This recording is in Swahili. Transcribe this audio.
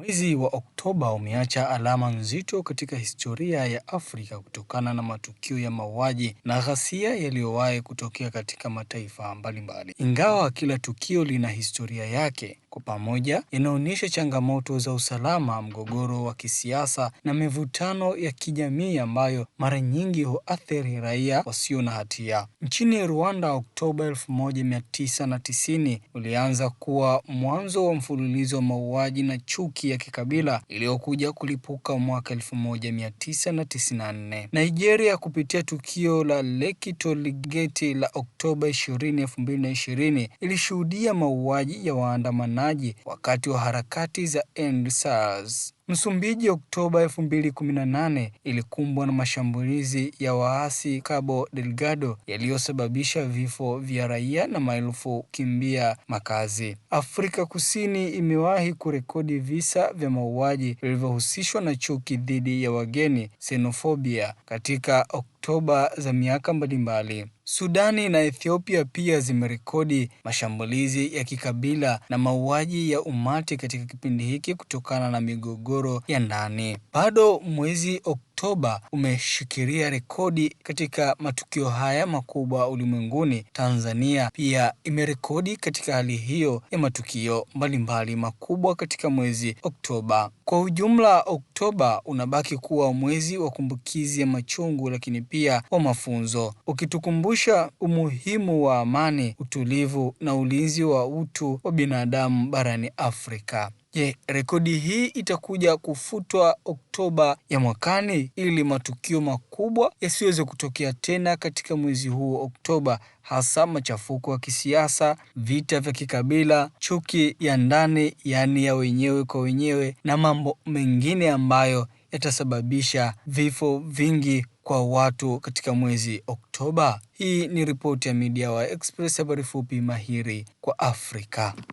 Mwezi wa Oktoba Oktoba umeacha alama nzito katika historia ya Afrika kutokana na matukio ya mauaji na ghasia yaliyowahi kutokea katika mataifa mbalimbali. Ingawa kila tukio lina historia yake, kwa pamoja yanaonyesha changamoto za usalama, mgogoro wa kisiasa na mivutano ya kijamii ambayo mara nyingi huathiri raia wasio na hatia. Nchini Rwanda, Oktoba 1990 ulianza kuwa mwanzo wa mfululizo wa mauaji na chuki ya kikabila iliyokuja kulipuka mwaka 1994. Nigeria kupitia tukio la Lekki Tollgate la Oktoba 20, 2020 ilishuhudia mauaji ya waandamanaji wakati wa harakati za End SARS. Msumbiji Oktoba 2018 ilikumbwa na mashambulizi ya waasi Cabo Delgado yaliyosababisha vifo vya raia na maelfu kimbia makazi. Afrika Kusini imewahi kurekodi visa vya mauaji vilivyohusishwa na chuki dhidi ya wageni xenophobia katika Oktoba za miaka mbalimbali. Sudani na Ethiopia pia zimerekodi mashambulizi ya kikabila na mauaji ya umati katika kipindi hiki kutokana na migogoro ya ndani. Bado mwezi Oktoba umeshikilia rekodi katika matukio haya makubwa ulimwenguni. Tanzania pia imerekodi katika hali hiyo ya matukio mbalimbali makubwa katika mwezi Oktoba. Kwa ujumla, Oktoba unabaki kuwa mwezi wa kumbukizi ya machungu, lakini pia wa mafunzo, ukitukumbusha umuhimu wa amani, utulivu na ulinzi wa utu wa binadamu barani Afrika. Je, rekodi hii itakuja kufutwa Oktoba ya mwakani ili matukio makubwa yasiweze kutokea tena katika mwezi huo Oktoba, hasa machafuko ya kisiasa, vita vya kikabila, chuki ya ndani, yaani ya wenyewe kwa wenyewe, na mambo mengine ambayo yatasababisha vifo vingi kwa watu katika mwezi Oktoba. Hii ni ripoti ya Media wa Express, habari fupi mahiri kwa Afrika.